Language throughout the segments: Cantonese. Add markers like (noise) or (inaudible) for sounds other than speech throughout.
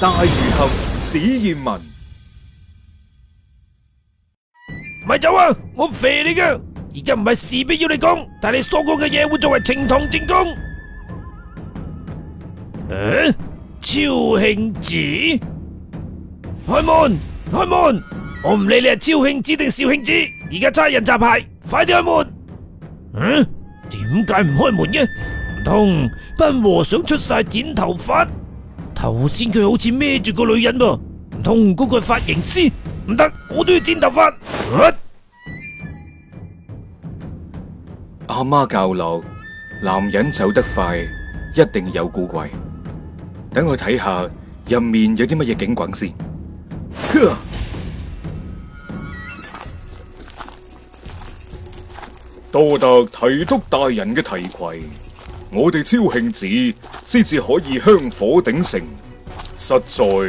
大儒俠史艷文，咪走啊！我肥你嘅！而家唔係事必要你講，但係你所講嘅嘢，會作為呈堂證供。嗯，超慶子，開門，開門！我唔理你係超慶子定少慶子，而家差人集牌，快啲開門！嗯，點解唔開門嘅？唔通班和尚出晒剪頭髮？頭先佢好似孭住個女人噃，唔通嗰個髮型師，唔得，我都要剪頭髮。阿媽教落，男人走得快，一定有古怪。等我睇下入面有啲乜嘢景況先。多得提督大人嘅提攜我哋超慶子先至可以香火鼎盛，實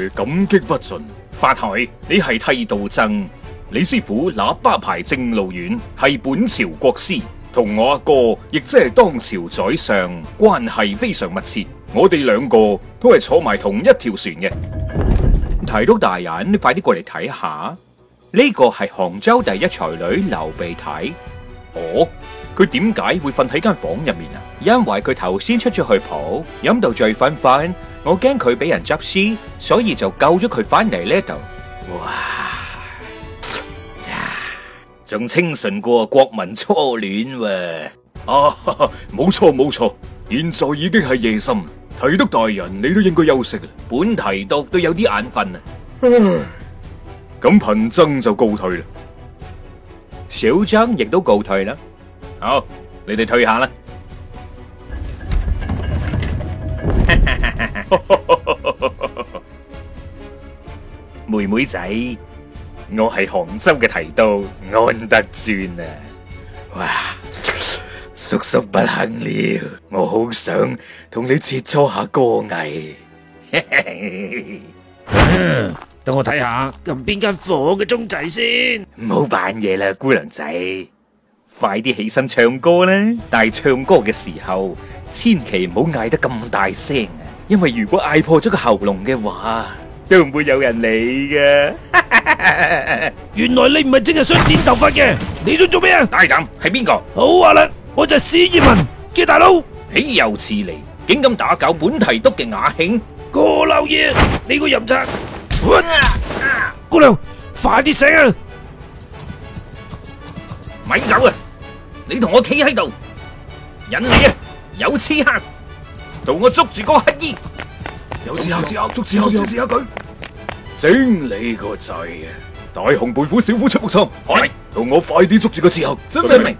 在感激不盡。法海，你係剃度僧，李師傅喇叭牌正路遠係本朝國師，同我阿哥亦即係當朝宰相關係非常密切。我哋兩個都係坐埋同一條船嘅。提督大人，你快啲過嚟睇下，呢、這個係杭州第一才女劉鼻太。哦，佢點解會瞓喺間房入面啊？因為佢頭先出咗去蒲，飲到醉瞓瞓，我驚佢俾人執屍，所以就救咗佢翻嚟呢度。哇！仲清純過國民初戀喎！啊，冇錯冇錯，現在已經係夜深，提督大人你都應該休息啦。本提督都有啲眼瞓啊，咁貧僧就告退啦，小僧亦都告退啦。好，你哋退下啦。妹妹仔，我係杭州嘅提督安德尊啊！哇，叔叔不幸了，我好想同你切磋下歌藝。嗯，等我睇下撳邊間火嘅鐘仔先。唔好扮嘢啦，姑娘仔，快啲起身唱歌啦！但係唱歌嘅時候，千祈唔好嗌得咁大聲。因為如果嗌破咗個喉嚨嘅話，都唔會有人理嘅。原來你唔係淨係想剪頭髮嘅，你想做咩啊？大膽，係邊個？好啊啦，我就係史艷文嘅大佬。豈有此理！竟敢打攪本提督嘅雅興？哥劉爺，你個淫賊！姑娘，快啲醒啊！咪走啊！你同我企喺度，引嚟啊！有刺客！同我捉住個乞衣，有刺客，有刺客，捉刺客，捉刺客佢，整你個仔啊！大雄背夫，小虎出木倉，係是，同我快啲捉住個刺客，真正明。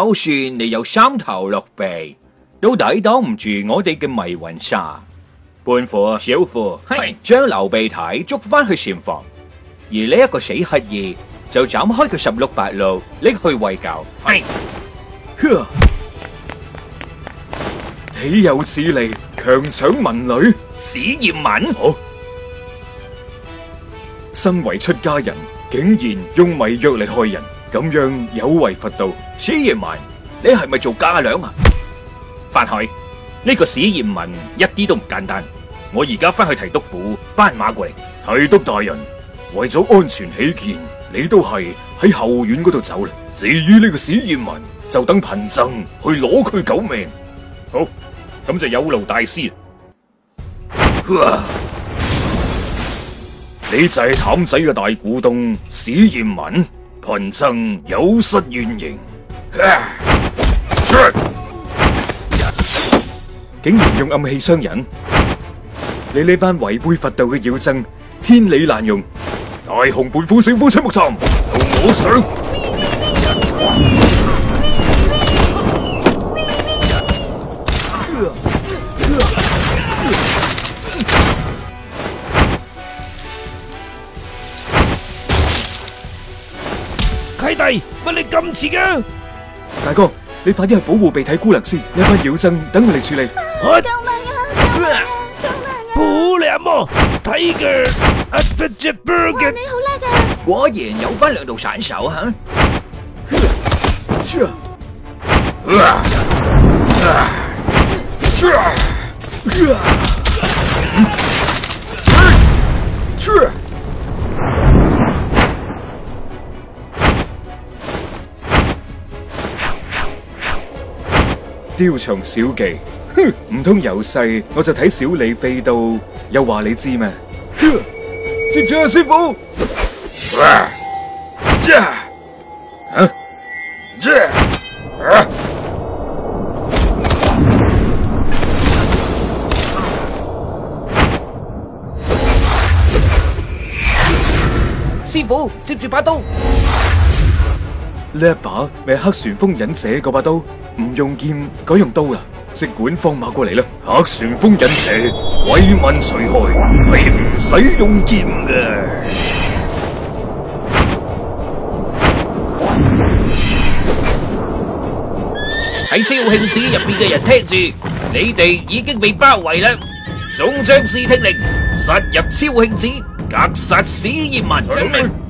就算你有三頭六臂，都抵擋唔住我哋嘅迷魂沙。半火小火，係將劉備體捉翻去禪房，而呢一個死乞兒就斬開佢十六八路，拎去喂狗。係，豈有此理！強搶民女，史艷文，好，身為出家人，竟然用迷藥嚟害人。咁樣有違佛道，史艷文，你係咪做家兩啊？法海呢，呢個史艷文一啲都唔簡單，我而家翻去提督府，斑馬過嚟。提督大人，為咗安全起見，你都係喺後院嗰度走啦。至於呢個史艷文，就等貧僧去攞佢狗命。好，咁就有勞大師 (laughs) (laughs) 你就係淡仔嘅大股東，史艷文。貧僧有失遠迎，竟然用暗器傷人！你呢班違背佛道嘅妖僧，天理難容！大雄盤虎，雄風出木岑，同我上！乜你咁遲噶？大哥，你快啲去保護鼻睇姑娘先，呢班妖僧等我嚟處理。救命啊！救命啊！救命啊！好靚喎，睇嘅。阿只只波嘅。哇，你好叻噶！果然有翻兩道散手吓。雕蟲小技，哼！唔通由細我就睇小李飛刀，又話你知咩？接住啊，師傅！啊！呀！嗯？呀！啊！師傅，接住把刀。呢一把咪黑旋風忍者嗰把刀，唔用劍改用刀啦。即管放馬過嚟啦！黑旋風忍者為民除害，係唔使用劍嘅。喺超慶寺入邊嘅人聽住，你哋已經被包圍啦！總將士聽令，殺入超慶寺，格殺史艷文，聽明？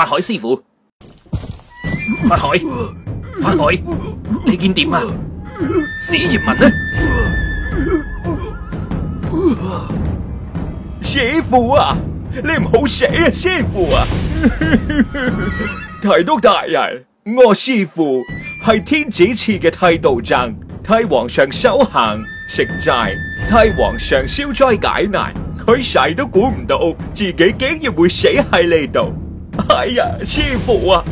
法海師傅，法海，法海，你見點啊？史艷文呢？師傅啊，你唔好死啊！師傅啊，提督大人，我師傅係天子賜嘅剃度僧，替皇上修行食齋，替皇上消災解難。佢誰都估唔到，自己竟然會死喺呢度。哎呀，師傅啊，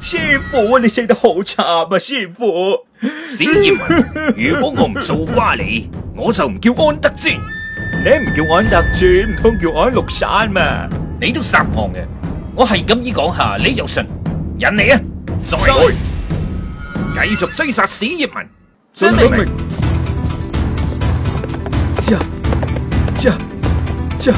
師傅啊，你死得好慘啊，師傅！史艷文， (laughs) 如果我唔做瓜你，我就唔叫安德尊，你唔叫我安德尊，唔通叫安祿山嘛，你都失行嘅。我係咁依講下，你又順引你啊，再以繼續追殺史艷文，真備，加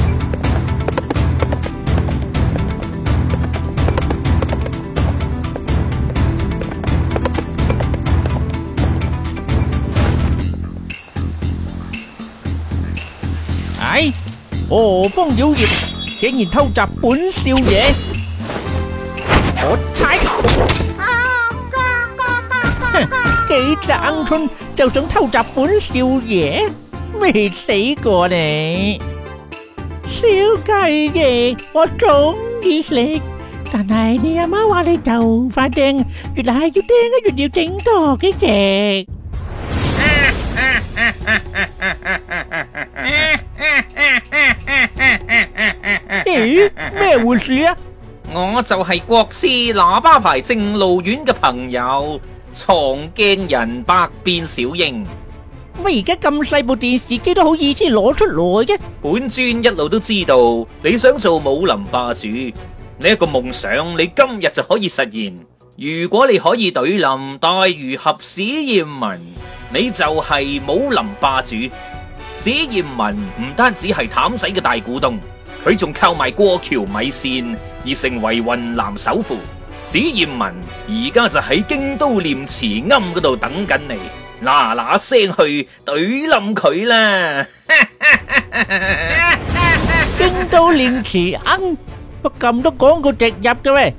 何方妖孽竟然偷襲本少爺！我踩！哼，幾隻鵪鶉就想偷襲本少爺？未死過你！小雞翼，我中意食，但係你阿媽話你頭髮硬，越嚟越癲，越妖精多嘅啫。咦，咩回事啊？我就係國師喇叭牌正路院嘅朋友，藏鏡人百變小英。我而家咁細部電視機都好意思攞出來嘅。本尊一路都知道你想做武林霸主，你一個夢想，你今日就可以實現。如果你可以隊林大儒俠史艷文。你就係武林霸主。史艷文唔單止係譚仔嘅大股東，佢仲購買過橋米線，而成為雲南首富。史艷文而家就喺京都念慈庵嗰度等緊你，嗱嗱聲去懟冧佢啦！ (laughs) (laughs) 京都念慈庵，咁都廣告直入嘅咩？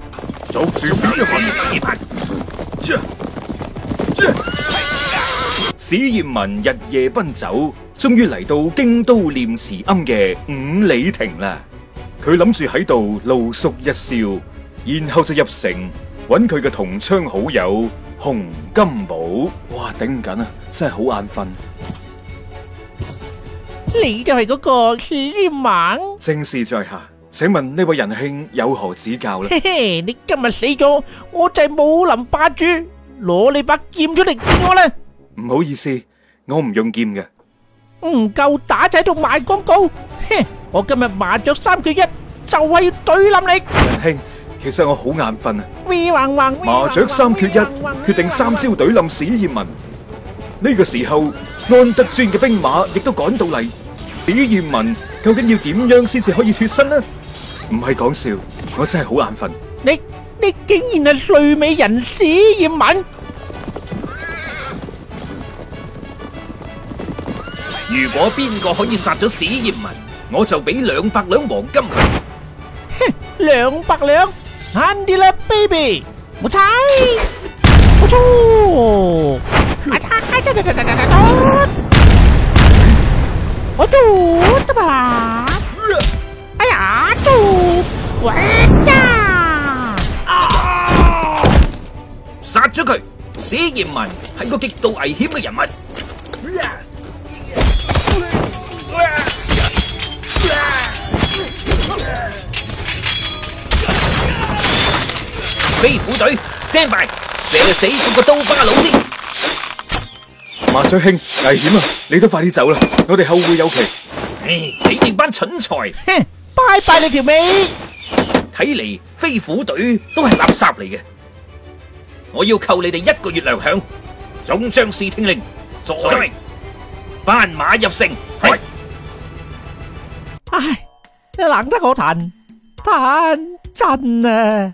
捉住史艷文！史艷文日夜奔走，終於嚟到京都念慈庵嘅五里亭啦。佢諗住喺度露宿一宵，然後就入城揾佢嘅同窗好友洪金寶。哇，頂唔緊啊，真係好眼瞓。你就係嗰個史艷文？正是在下，請問呢位仁兄有何指教呢？嘿嘿，你今日死咗，我就係武林霸主，攞你把劍出嚟見我啦！唔好意思，我唔用劍嘅，唔夠打仔喺度賣廣告，哼！我今日麻雀三缺一就係要懟冧你。阿兄，其實我好眼瞓啊。麻雀三缺一，決定三招懟冧史艷文。呢個時候，安德尊嘅兵馬亦都趕到嚟。至於艷文究竟要點樣先至可以脱身呢？唔係講笑，我真係好眼瞓。你，你竟然係睡美人史艷文？如果邊個可以殺咗史艷文，我就俾兩百兩黃金佢。哼，兩百兩慳啲啦，baby，唔踩，唔錯，開我剁得哎呀，殺咗佢，史艷文係個極度危險嘅人物。飛虎隊 stand by，射死咗個刀疤佬先。麻雀兄，危險啊！你都快啲走啦，我哋後會有期。唉，你哋班蠢材！哼，拜拜你條尾！睇嚟飛虎隊都係垃圾嚟嘅，我要扣你哋一個月糧餉。總將士聽令，在明。斑馬入城。係。唉，冷得我彈彈震啊。